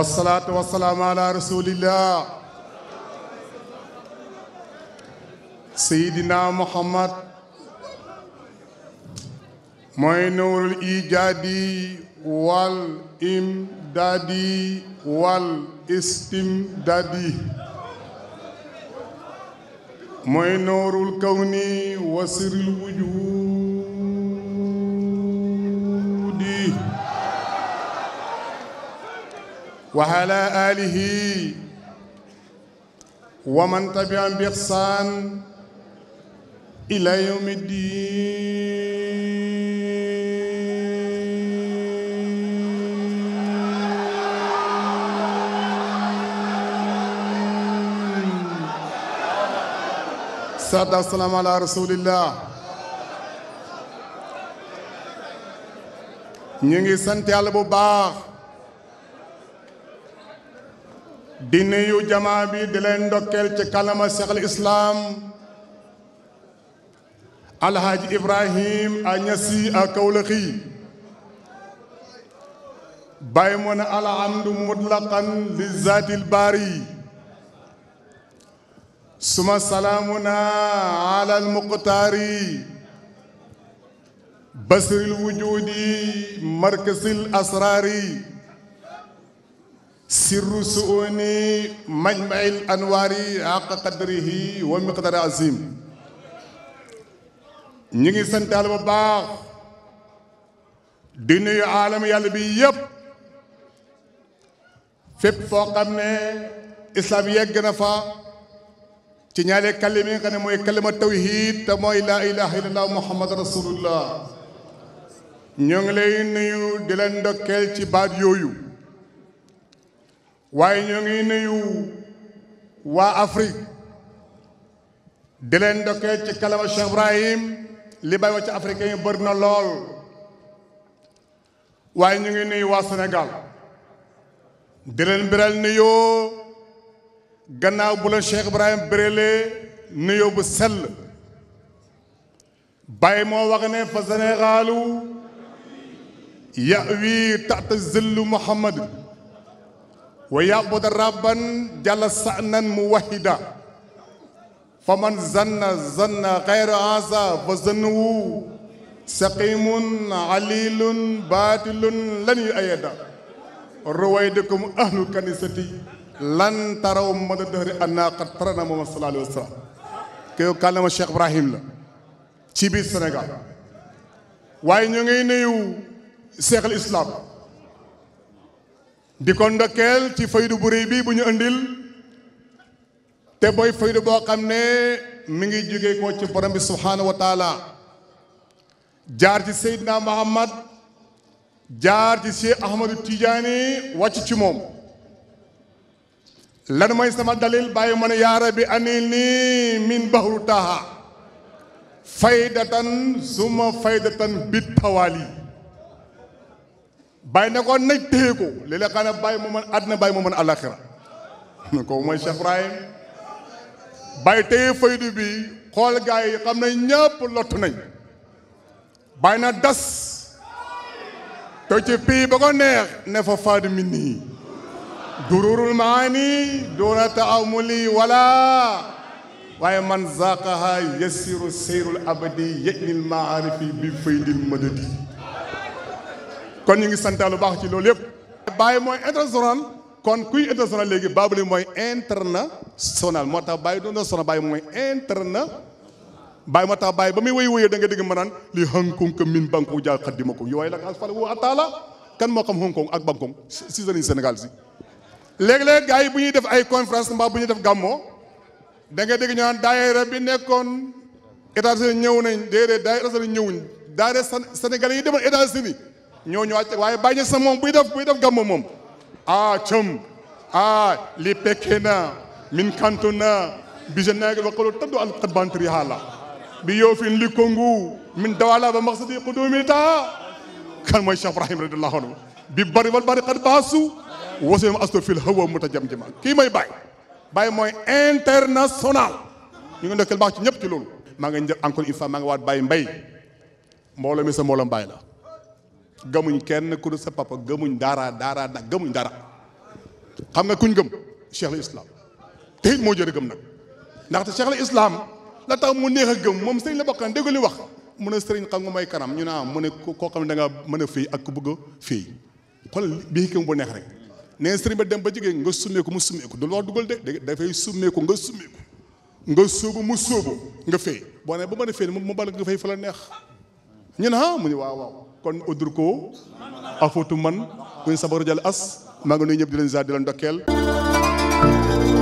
wasalaatu wasalaamu ala rasulillah seydina muhammad mooy nawrul ijaadi wal imdaadi wal istimdaadi mooy nawrul kawni wa sirril wujuud وعلى آله ومن تبعهم بإحسان إلى يوم الدين سادة السلام على رسول الله نيجي سنتي على بو باخ di nuyu jamaa bi di leen ndokkeel ci kalama seexal islaam alhaaj ibrahim a ñasi a kawlaxi bàyyi mu ne alhamdu mutlaqan li zaatil baari suma salaamuna ala almuqtaari basril wujudi markasil asraari sirru suuni majmail anwaari haqa qadrihi wa miqdar azim ñi ngi santaal ba baax di nuyu aalam yàlla bi yépp fépp foo xam ne islam yegg na fa ci ñaaree kalima yi nga xam ne mooy kalima tawhid te mooy laa ilaha illallah muhammad rasulullah ñoo ngi lay nuyu di ndokkeel ci baat yooyu waaye ñoo ngi nuyu waa Afrique di leen ndokkee ci kalama Cheikh Ibrahim li bay wa ci africain yi bëri na lool waaye ñu ngi nuyu waa senegal di leen biral nuyoo gannaaw bu la Cheikh Ibrahim birelee nuyoo bu sell Baye moo wax ne fa Sénégalu ya wi taxta zillu Muhammad ويعبد ربا جل سعنا موحدا فمن زن زن غير هذا فزنه سقيم عليل باطل لن يؤيد رويدكم أهل كنيستي لن تروا مدى دهر أنا قد ترنا محمد صلى الله عليه وسلم كيو كلام الشيخ إبراهيم لا تشيبي السنغال واي نيو شيخ الإسلام di ko ndokkeel ci faydu bu bi bu ñu indil te booy faydu boo xam ne mi ngi jóge ko ci borom bi subhaanahu wa jaar ci Seydina Muhammad jaar ci Cheikh Ahmadou Tidiane wàcc ci moom lan mooy sama dalil bàyyi ma ne bi rabbi anil ni min bahru taha faydatan suma faydatan bit tawali bàyyi ne ko naj téye ko li la xam ne bàyyi moo mën àddina bàyyi moo mën àllaaxira kooku mooy Cheikh bàyyi téye faydu bi xool gaa yi xam ne ñëpp lott nañ bàyyi na das te ci pii ba ko neex ne fa faadu mi nii dururul maani doona taamuli wala waaye man zaqaha yasiru seyrul abadi yejnil maarifi bi faydil madadi kon ñu ngi santaa lu baax ci loolu yëpp. Baye mooy international kon kuy international léegi Babali mooy international moo tax Baye doon national Baye mooy international. Baye moo tax baay ba muy wéy wéyee da nga dégg ma naan li Hong Kong ka min Bangkok jaal xaddima ko yow ay la xas fal wu ataala kan moo xam Hong Kong ak Bangkok si sëriñ Sénégal si. léeg-léeg gars yi bu ñuy def ay conférence mbaa bu ñuy def gàmmoo da nga dégg ñu naan bi nekkoon États-Unis ñëw nañ déedéet daayira États-Unis ñëwuñ daayira Sénégal yi demoon États-Unis ñooñu wàcc waaye bàyyi sa moom buy def buy def moom ah cëm ah li pekke na min kantu na bise naagi waqalu tabdu al qadbantri haala bi yoofin li kongu min dawala ba maqsadi qudumi kan mooy Cheikh Ibrahim radiyallahu anhu bi bari wal bari qad baasu wasem asto fil hawa mutajamjima kii mooy Baye Baye mooy international ñu ngi ndokkeel baax ci ñëpp ci loolu maa ngi njër encore une fois maa ngi waat Baye Mbaye mbooloo mi sa mbooloo Mbaye la gamuñ kenn ku dul sa papa gëmuñ daara daara nag gamuñ dara xam nga kuñ gëm cheikh al islam te it moo jërë gëm nag ndaxte cheikh al islaam la tax mu neex a gëm moom sëriñ la bokkan dégg li wax mu ne sëriñ xam nga may kanam ñu naa mu ne koo xam ne da nga mën a fii ak ku bëgg fii xool bii bu neex rek nee sëriñ ba dem ba jigéen nga summeeku mu summeeku du loo dugal de dafay summeeku nga summeeku nga sóobu mu sóobu nga fay boo ne ba mën a fay mu bal nga fay fa la neex ñu ne ah mu ne waaw waaw kon ko a afootu man muy sabaru jal as maa ngi nuyu ñëpp la leen di leen ndokkeel